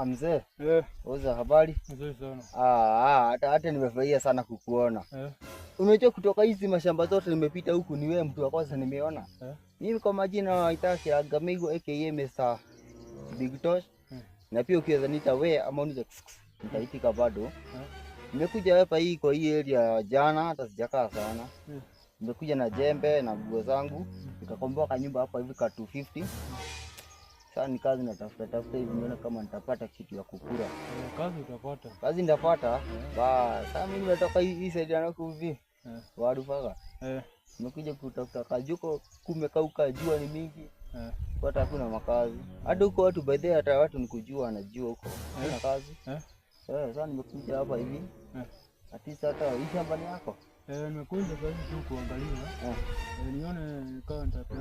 Ah, mzee yeah. Uza habari mzee sana. Ah, ah, hata hata nimefurahia sana kukuona yeah. Umejua kutoka hizi mashamba zote nimepita huku ni wewe mtu wa kwanza nimeona yeah. Mimi kwa majina naitwa Kiragamego aka Mr Big Tosh yeah. Na pia ukiweza nita wewe ama unize nitaitika bado yeah. Nimekuja hapa hii kwa hii area jana hata sijakaa sana yeah. Nimekuja na jembe na nguo zangu mm. nikakomboa kanyumba hapa hivi ka 250 sasa ni kazi natafuta tafuta hivi, niona kama nitapata kitu ya kukula. Eh, kazi utapata? Kazi nitapata. Ba, sasa mimi natoka hii side na kuvi. Eh. Wadu paka. Eh. Nimekuja kutafuta kajuko kumekauka, jua ni mingi. Eh. Hata hakuna makazi. Hadi huko watu by the way hata watu nikujua anajua huko. Hakuna eh. kazi. Eh. Sasa nimekuja hapa hivi. Eh. Ati sasa hii shamba ni yako? Eh, nimekuja kwa hivi tu kuangalia. Eh. Nione kama nitapata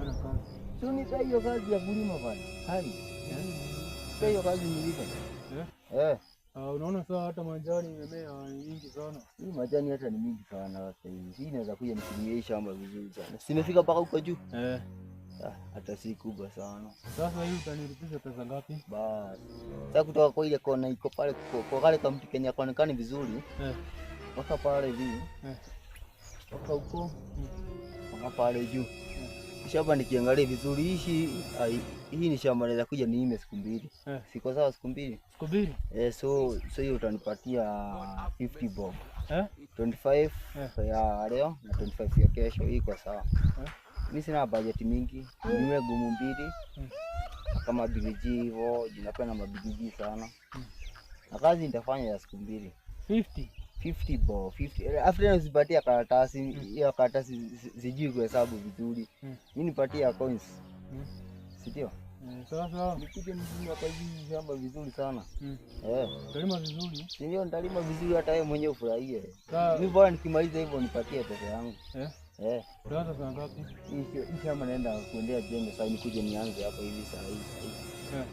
Sio hiyo kazi ya kulima bwana. Hani. Sio hiyo kazi nilipo. Eh? eh. Ah, unaona sasa hata manjani imemea mingi sana. Hii majani hata ni mingi sana sasa hivi. Hii inaweza kuja nikulie shamba vizuri sana. Simefika ah. mpaka huko juu. Eh. Ah, hata si kubwa sana. Sasa hii utanilipisha pesa ngapi? Basi. Sasa kutoka kwa ile kona iko pale kwa kale kama mtu Kenya kaonekana vizuri. Eh. Mpaka pale hivi. Eh. Mpaka huko. Hmm. Mpaka pale juu shamba nikiangalia vizuri hishi hii ni shamba naweza kuja niime siku mbili eh. Siko sawa siku mbili siku mbili eh, so so hiyo utanipatia 50 bob eh? 25 eh. ya leo na 25 ya kesho, hii kwa sawa eh? Mimi sina bajeti mingi eh. Niwe gumu mbili eh. Kama bigiji hivyo, jinapenda mabigiji sana hmm. Na kazi nitafanya ya siku mbili 50 50 bo 50 eh, afrika nzipatia karatasi hmm. hiyo mm. karatasi zijui kuhesabu vizuri mm. mimi nipatia coins mm. sasa mzima kwa shamba vizuri sana mm. eh. vizuri vizuri hata mwenyewe bora nikimaliza hivyo nipatie pesa yangu eh. Eh. ngapi? Hii shamba naenda kuendea jembe sasa, nikuje nianze hapo hivi Eh.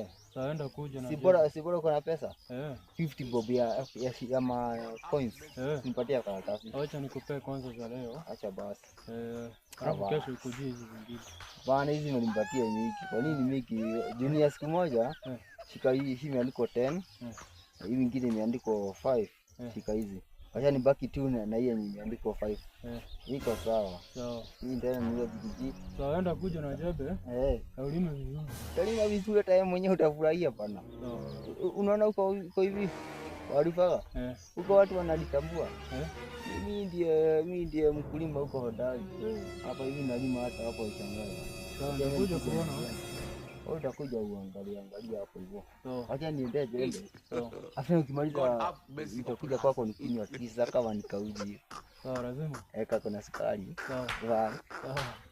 Eh. Saenda kuja na. Sibora sibora kuna pesa? Eh. 50 bob ya ya ama coins. Eh. Nipatie karatasi. Acha nikupe kwanza za leo. Acha basi. Eh. Kama kesho hizi zingine. Bana hizi nilimpatia Miki. Kwa nini Miki? Junior siku moja. Eh. Shika hii hii imeandikwa 10. Eh. Hii nyingine imeandikwa 5. Eh. Shika hizi. Wacha nibaki tu na hiyo imeandikwa 5. Eh. Iko sawa. Sawa. Hii ndio ni hiyo kijiji. Sawa, enda kuja na jebe. Eh. Kaulima eh. vizuri. Kaulima vizuri hata yeye mwenyewe utafurahia bana. Sawa. Unaona uko uko hivi. Walifaga. Eh. Uko watu wanalitambua. Eh. Mimi ndiye mimi ndiye mkulima huko hodari. Hapa hivi nalima hata hapo ichangaza. Sawa, ndio kuja kuona wewe utakuja uangalie angalia hapo hivyo. Acha niende jende. Afa ukimaliza itakuja kwako ni kisa kama nikauji. Sawa, lazima. Eka eh, kuna sukari. Sawa.